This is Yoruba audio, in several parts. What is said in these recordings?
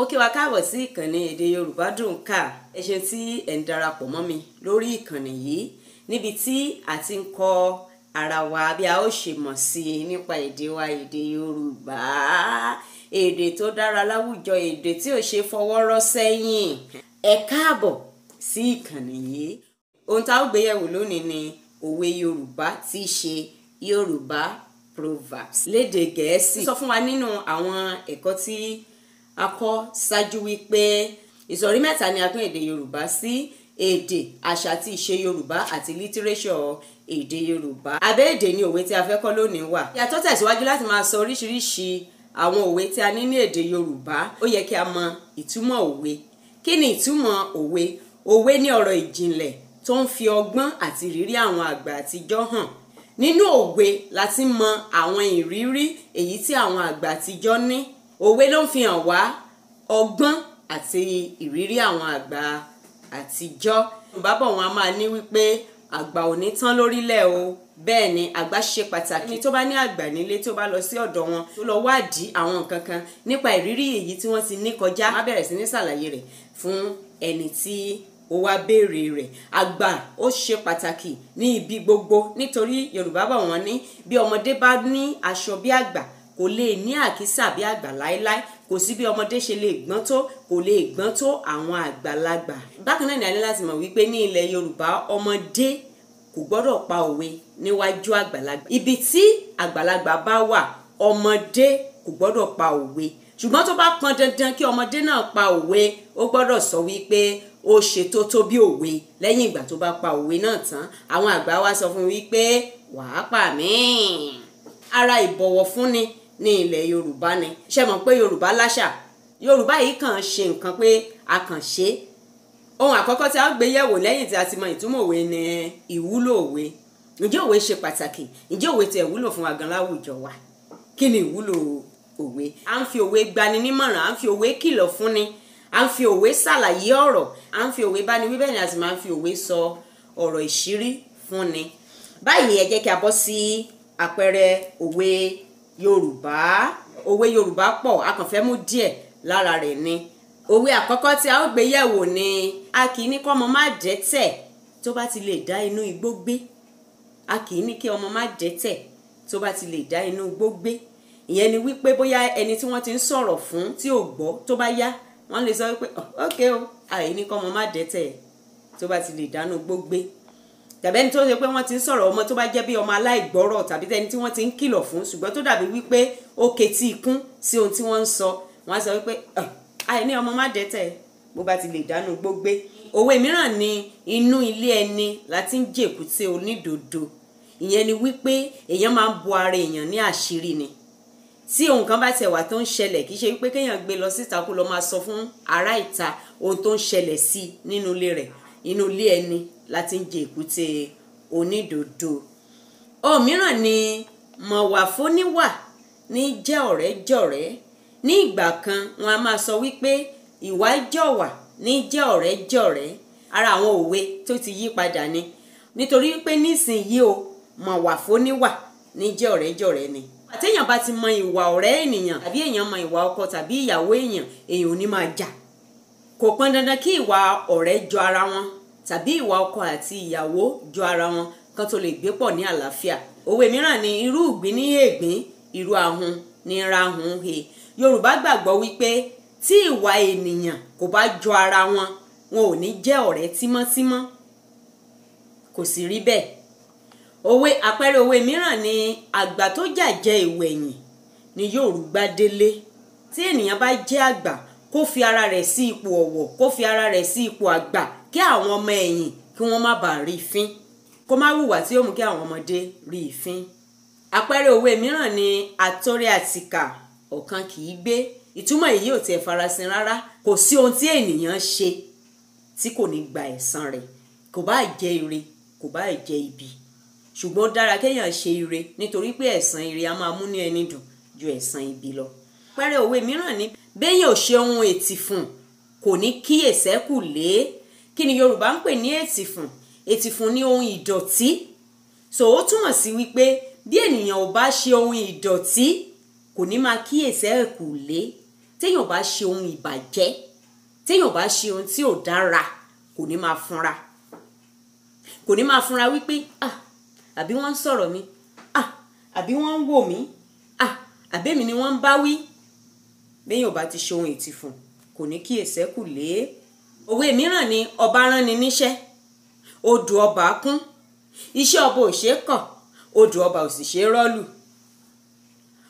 mo kí wa káàbọ̀ sí ìkànnì èdè yorùbá dùn ká ẹ ṣe tí ẹ̀ ń darapọ̀ mọ́ mi lórí ìkànnì yìí níbi tí a ti ń kọ́ ara wa bí a ó ṣe mọ̀ sí i nípa èdè wa èdè yorùbá èdè tó dára láwùjọ èdè tí ò ṣe fọwọ́ rọ́ sẹ́yìn ẹ káàbọ̀ sí ìkànnì yìí ohun tá a ó gbéyẹ̀wò lónìí ni òwe yorùbá tí í ṣe yorùbá proverbs lédè gẹ̀ẹ́sì sọ fún wa nínú àwọn ẹ̀kọ́ tí a kọ́ ṣáájú wípé ìsọ̀rí mẹ́ta ni a pín èdè yorùbá sí èdè àṣà àti ìṣe yorùbá àti lítírésọ̀ èdè yorùbá abẹ́ èdè ni òwe tí a fẹ́ kọ́ lónìí wà yàtọ̀ tẹ̀síwájú láti máa sọ oríṣiríṣi àwọn òwe tí a ní ní èdè yorùbá ó yẹ kí a mọ ìtumọ̀ òwe kí ni ìtumọ̀ òwe òwe ní ọ̀rọ̀ ìjìnlẹ̀ tó ń fi ọgbọ́n àti ìrírí àwọn àgbà àtijọ́ hàn nínú òwe la mọ àwọn ìrírí èyí tí àwọn àgbà àtijọ́ ní òwe ló ń fi hàn wá ọgbọ́n àti ìrírí àwọn àgbà àtijọ́ yorùbá bọ̀ wọ́n a máa ní wípé àgbà ò ní tán lórílẹ̀ o bẹ́ẹ̀ ni àgbà ṣe pàtàkì tó bá ní àgbà nílé tó bá lọ sí ọ̀dọ̀ wọn tó lọ wádìí àwọn nǹkan kan nípa ìrírí èyí tí wọ́n ti ní kọjá má bẹ̀rẹ̀ sí ní ṣàlàyé rẹ̀ fún ẹni tí ó wá béèrè rẹ̀ àgbà ó ṣe pàtàkì ní ibi gbogbo nítorí yorùbá bọ̀ wọ́n ní bí ọmọdé bá ní aṣọ bí àgbà kò lè ní àkísà bí àgbà láéláé kò sí bí ọmọdé ṣe lè gbọ́n tó kò lè gbọ́n tó àwọn àgbàlagbà. bákan náà ni a ní láti mọ̀ wípé ní ilẹ̀ yorùbá ọmọdé kò gbọ́dọ̀ pa òwe níwájú àgbàlagbà ibi tí àgbàlagbà bá wà ọmọdé kò gbọ́dọ̀ pa òwe ṣùgbọ́n tó bá pọn dandan kí ọmọdé náà pa òwe ó gbọ́dọ̀ sọ wípé ó ṣe tó tó bí òwe lẹ́yìn ìgbà tó bá pa òwe náà tán àwọn àgbà wa sọ fún wípé wàá pa mí. ara ìbọ̀wọ̀ fúnni ní ilẹ̀ yorùbá ni ṣe mọ̀ pé yorùbá láṣà yorùbá yìí kàn ṣe nǹkan pé a kàn ṣe é ohun àkọ́kọ́ tí a gbé yẹ̀wò lẹ́yìn tí a ti mọ ìtumọ̀ òwe ni ìwúlò òwe ǹjẹ́ òwe ṣe pàtàkì ǹjẹ́ òwe tiẹ̀ wúlò fún wa gan láwùjọ wa kí ni ìwúlò òwe à ń fi òwe gbani nímọ̀ràn à ń fi òwe kìlọ̀ fúnni à ń fi òwe ṣàlàyé ọ̀rọ̀ à ń fi òwe báni wí bẹ́ẹ̀ ni a sì máa ń fi òwe sọ ọ̀rọ̀ ìṣírí fúnni báyìí ẹ jẹ́ kí a bọ́ sí àpẹẹrẹ òwe yorùbá òwe yorùbá pọ̀ a kàn fẹ́ mú díẹ̀ lára rẹ̀ ni òwe àkọ́kọ́ tí a ó gbé yẹ̀wò ni a kì í ní kọ́ ọmọ má dẹ́tẹ̀ tó bá ti lè dá inú igbó gbé a kì í ní kí ọmọ má dẹ́tẹ̀ tó bá ti lè dá inú igbó gbé ìyẹn ni wípé bóyá ẹni tí wọ́n ti ń sọ̀rọ̀ fún tí ò gbọ́ tó bá yá wọ́n lè sọ wípé ok o àyè ní kọ́ ọmọ má dẹ́tẹ̀ tó bá ti lè dánú igbó gbé tàbẹ́ni tó ṣe pé wọ́n ti ń sọ̀rọ̀ ọmọ tó bá jẹ́ bí ọmọ aláìgbọ́rọ̀ tàbí tẹni tí wọ́n ti ń kìlọ̀ fún ṣùgbọ́n tó dàbí wípé ó ketí ikún sí ohun tí wọ́n ń sọ wọ́n á sọ wípé àìní ọmọ má dẹ́tẹ̀ bó bá ti lè dánú gbógbé òwe mìíràn ni inú ilé ẹni láti ń jèkúté onídòdó ìyẹn ni wípé èèyàn máa ń bo ara èèyàn ní àṣírí ni tí ohun kan bá tẹ̀ wá tó ń ṣẹlẹ̀ kì í ṣe wípé kéèyàn gbé lọ síta kó lọ máa sọ fún ará ìta ohun tó ń ṣẹlẹ̀ sí nínú ilé rẹ̀ inú ilé ẹni láti ń jẹ èkúté onídòdó òmíràn ni mọ̀wáfóníwà ní jẹ́ ọ̀rẹ́ jọ̀rẹ́ ní ìgbà kan wọn a máa sọ wípé ìwà jọ̀wà ní jẹ́ ọ̀rẹ́ jọ̀rẹ́ ara àwọn òwe tó ti yí padà ni nítorí pé nísìnyí o mọ̀wáfóníwà ní jẹ́ ni àtẹ̀yàn bá ti mọ ìwà ọ̀rẹ́ ènìyàn tàbí èèyàn mọ ìwà ọkọ tàbí ìyàwó èèyàn èèyàn ò ní máa jà kò pọn dandan kí ìwà ọ̀rẹ́ jọ ara wọn tàbí ìwà ọkọ àti ìyàwó jọ ara wọn kan tó lè gbé pọ̀ ní àlàáfíà òwe mìíràn ni irú ìgbín ní ègbín irú ahun ní rahun he yorùbá gbàgbọ́ wípé tí ìwà ènìyàn kò bá jọ ara wọn wọn ò ní jẹ́ ọ̀rẹ́ tímọ́tímọ́ kò sì rí bẹ́ẹ̀ òwe àpẹẹrẹ òwe mìíràn ni àgbà tó jàjẹ ìwẹ̀yìn ni yorùbá délé tí ènìyàn bá jẹ́ àgbà kó fi ara rẹ̀ sí ipò ọ̀wọ̀ kó fi ara rẹ̀ sí ipò àgbà kí àwọn ọmọ ẹ̀yìn kí wọ́n má bàa rí fín kó má hùwà tí yóò mú kí àwọn ọmọdé rí fín. àpẹẹrẹ òwe mìíràn ni àtọ́rẹ́ àtìkà ọ̀kan kì í gbé ìtumọ̀ èyí ò tiẹ̀ farasin rárá kò sí ohun tí ènìyàn ṣe tí kò ní gba ẹ̀san rẹ̀ kò bá jẹ́ ire kò bá jẹ́ ibi ṣùgbọ́n ó dára kéèyàn ṣe ire nítorí pé ẹ̀san ire a máa mú ní ẹni dùn ju ẹ̀san ibi lọ. àpẹẹrẹ òwe mìíràn ni béèyàn ò ṣe ohun ètìfùn kò ní kíyèsẹ́kù lé kí ni Yorùbá ń pè ní ètìfùn ètìfùn ni ohun ìdọ̀tí so ó túmọ̀ sí wípé bí ènìyàn ò bá ṣe ohun ìdọ̀tí kò ní máa kíyèsí ẹ̀kú lé téèyàn bá ṣe ohun ìbàjẹ́ téèyàn bá ṣe ohun tí ò dára kò ní máa funra kò ní máa funra wípé ah àbí wọ́n ń sọ̀rọ̀ mi ah àbí wọ́n ń wò mí ah àbẹ́mi ni wọ́n ń bá wí béèyàn bá ti ṣe ohun ètìfùn kò ní kíyèsí ẹ̀kú lé òwe mìíràn ni ọba ránni níṣẹ́ odò ọba kún iṣẹ́ ọba ò ṣeé kàn odò ọba ò sì ṣeé rọ́ọ̀lù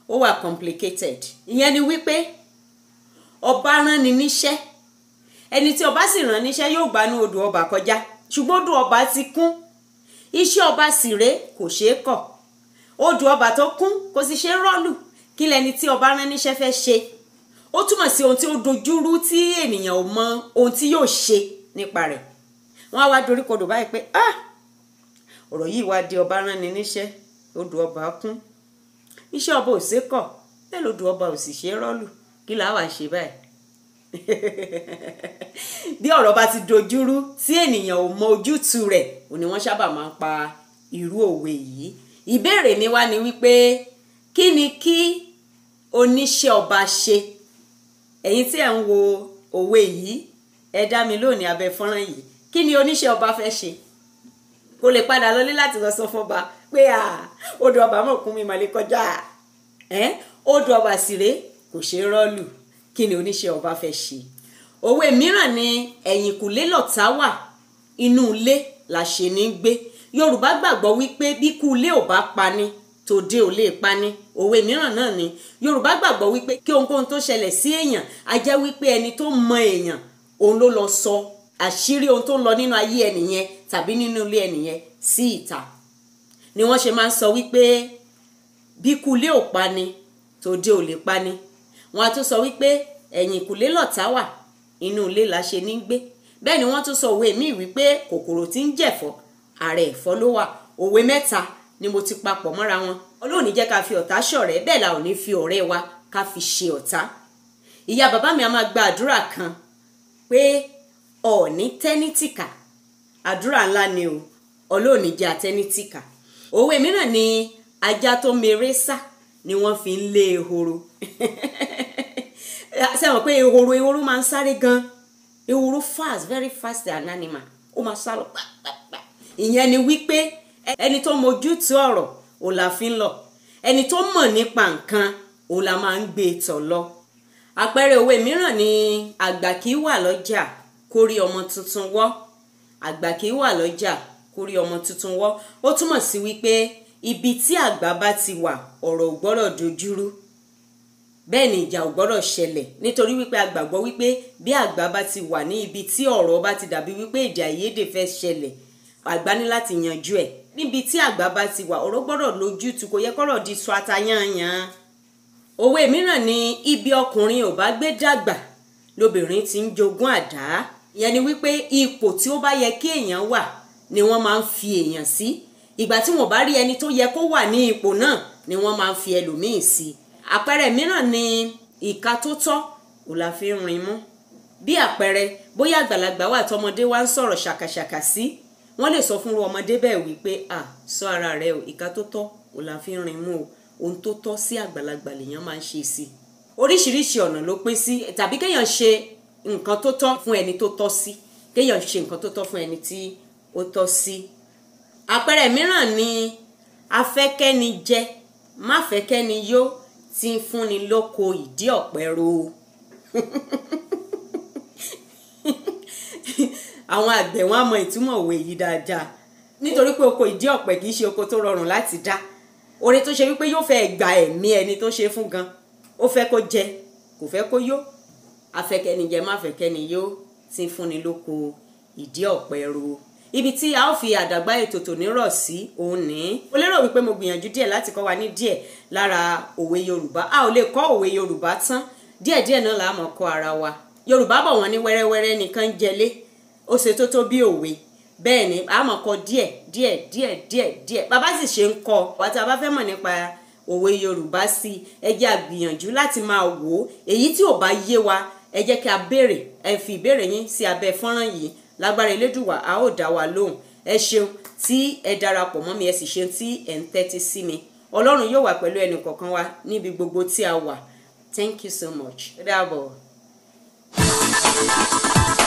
ó wà complicated ìyẹn ni wípé ọba ránni níṣẹ́ ẹni tí ọba sì rán níṣẹ́ yóò gbanú odò ọba kọjá ṣùgbọ́n odò ọba ti kún iṣẹ́ ọba sì rèé kò ṣeé kọ̀ odò ọba tó kún kò sì ṣeé rọ́ọ̀lù kí lẹni tí ọba rán níṣẹ́ fẹ́ ṣe ó túmọ̀ sí ohun tí ó dojúrú tí ènìyàn ò mọ ohun tí yóò ṣe nípa rẹ̀ wọ́n á wá dorí kodò báyìí pé ah ọ̀rọ̀ yìí wá di ọba rán ni níṣẹ́ odò ọba kún iṣẹ́ ọba ò sékọ̀ bẹ́ẹ̀ lodò ọba ò sì ṣe é rọ́lù kí làá wàá ṣe báyìí bí ọ̀rọ̀ bá ti dojúrú tí ènìyàn ò mọ ojútùú rẹ̀ ò ní wọ́n sábà máa ń pa irú òwe yìí ìbéèrè mi wá ni wípé kí ni kí oníṣẹ́ ọba ṣe ẹ̀yin tí ẹ̀ ń wo òwe yìí ẹ dá mi lónìí abẹ́ fọ́nrán yìí kí ni oníṣẹ́ ọba fẹ́ ṣe kó lè padà lọlé láti lọ sọ fọba pé à odò ọba mọ̀ mi mà kọjá odò ọba sì kò ṣeé rọ́ọ̀lù kí ni oníṣẹ́ ọba fẹ́ ṣe òwe mìíràn ni ẹ̀yìnkùlé lọ̀tá wà inú ilé la ṣe ní gbé yorùbá gbàgbọ́ wípé bí kú ilé ò bá pa ni tòde ò lè pani òwe mìíràn náà ni yorùbá gbàgbọ́ wípé kí ohunkóhun tó ṣẹlẹ̀ sí èèyàn á jẹ́ wípé ẹni tó mọ èèyàn òun ló lọ sọ àṣírí ohun tó ń lọ nínú ayé ẹnìyẹn tàbí nínú ilé ẹnìyẹn sí ìta ni wọ́n ṣe máa ń sọ wípé bí kulé ò pani tòde ò lè pani wọ́n á tún sọ wípé ẹ̀yìn kulé lọ̀tá wà inú ilé la ṣe ní gbé bẹ́ẹ̀ ni wọ́n tún sọ òwe míì wípé kòkòrò tí ń jẹ̀fọ́ ààrẹ ẹ̀fọ́ ló wà òwe mẹ́ta ni mo ti papọ̀ mọ́ra wọn Ọlọ́run ní jẹ́ ká fi ọ̀tá ṣọ̀rẹ́ bẹ́ẹ̀ la ò ní fi ọ̀rẹ́ wa ká fi ṣe ọ̀tá ìyá bàbá mi a máa gba àdúrà kan pé ọ̀ọ́ni tẹ́nítìkà àdúrà ńlá ni o Ọlọ́run ní jẹ́ àtẹ́nítìkà òwe mìíràn ni ajá tó mèrè sá ni wọ́n fi ń lé ehoro sẹ́wọ̀n pé ehoro ehoro máa ń sáré gan ehoro fast very fast an animal ó máa sá lọ pàpàpà ìyẹn ni wípé ẹni tó mojú tí ọ̀rọ̀ ò la fi ń lọ ẹni tó mọ̀ nípa nǹkan ò la máa ń gbé tọ̀ lọ. àpẹẹrẹ òwe mìíràn ni àgbà kì í wà lọ́jà kó rí ọmọ tuntun wọ́ àgbà kì í wà lọ́jà kó rí ọmọ tuntun wọ́ ó túmọ̀ sí wípé ibi tí àgbà bá ti wà ọ̀rọ̀ ò gbọ́dọ̀ dojúrú bẹ́ẹ̀ ni ìjà ò gbọ́dọ̀ ṣẹlẹ̀ nítorí wípé a gbàgbọ́ wípé bí àgbà bá ti wà ní ibi tí ọ̀rọ̀ bá ti dàbí wípé èdè àìyedè fẹ́ ṣẹlẹ̀ àgbà ní láti yanjú ẹ̀ níbi tí àgbà bá ti wà ọ̀rọ̀ gbọ́dọ̀ lójútu kò yẹ kọ́rọ̀ di sọ atayanyan òwe mìíràn ni ibi ọkùnrin ò bá gbé dàgbà lobìnrin ti ń jogún àdá ìyẹn ni wípé ipò tí ó bá yẹ kí èèyàn wà ni wọ́n máa ń fi èèyàn sí ìgbà tí wọ́n bá rí ẹni tó yẹ kó wà ní ipò náà ni wọ́n máa ń fi ẹlòmíín sí àpẹẹrẹ mìíràn ni ìka tó tọ́ ò la fi ń rin mú bí àpẹẹrẹ bóyá àgbàlagbà wà tọmọdé wa ń sọ̀rọ̀ ṣàkàṣàkà sí wọ́n lè sọ fún ọmọdé bẹ́ẹ̀ wípé à sọ ara rẹ o ìka tó tọ́ ò la fi ń rin mú o ohun tó tọ́ sí àgbàlagbà lèèyàn máa ń ṣe sí i oríṣiríṣi ọ̀nà ló pín sí tàbí kéèyàn ṣe nǹkan tó tọ́ fún ẹni tó tọ́ sí kéèyàn ṣe nǹkan tó tọ́ fún ẹni tí ó tọ́ sí àpẹẹrẹ mìíràn ni afẹ́kẹ́ni jẹ máfẹ́kẹ́ni yó ti fúnni lóko ìdí ọ̀pẹ ro àwọn àgbẹ̀ wọn á mọ ìtumọ̀ òwe yìí dáadáa nítorí pé oko ìdí ọ̀pẹ kì í ṣe oko tó rọrùn láti dá oore tó ṣe wípé yóò fẹ́ gba ẹ̀mí ẹni tó ṣe fún gan ó fẹ́ kó jẹ kò fẹ́ kó yó afẹ́kẹ́nijẹ má fẹ́kẹ́ni yó ti fúnni lóko ìdí ọ̀pẹ ro ibi tí a ó fi àdàgbà ètò tòní rọ̀ sí òun ní. mo lérò wípé mo gbìyànjú díẹ̀ láti kọ́ wa ní díẹ̀ lára òwe yorùbá a ò lè kọ́ òwe yorùbá tán díẹ̀díẹ̀ náà la mọ̀ kọ́ ara wa yorùbá bọ̀ wọ́n ní wẹ́rẹ́wẹ́rẹ́ nìkan jẹlé ó ṣe tó tó bí òwe bẹ́ẹ̀ ni a máa kọ díẹ̀ díẹ̀ díẹ̀ díẹ̀ díẹ̀ bàbá sì ṣe ń kọ wàtí a bá fẹ́ mọ̀ nípa òwe yorùbá sí ẹ àgbìyànjú láti máa wò ó èyí tí ò bá yé wa ẹ kí a béèrè ẹ fi ìbéèrè yín sí abẹ́ fọ́nrán yìí lágbára elédùwà a ó dá wa lóhùn ẹ ṣeun tí ẹ darapọ̀ mọ́ mi ẹ sì ṣeun tí ẹ ń tẹ́tí sí mi ọlọ́run yóò wà pẹ̀lú ẹnì kọ̀ọ̀kan wa níbi gbogbo tí a wà thank you so much. dáàbọ̀.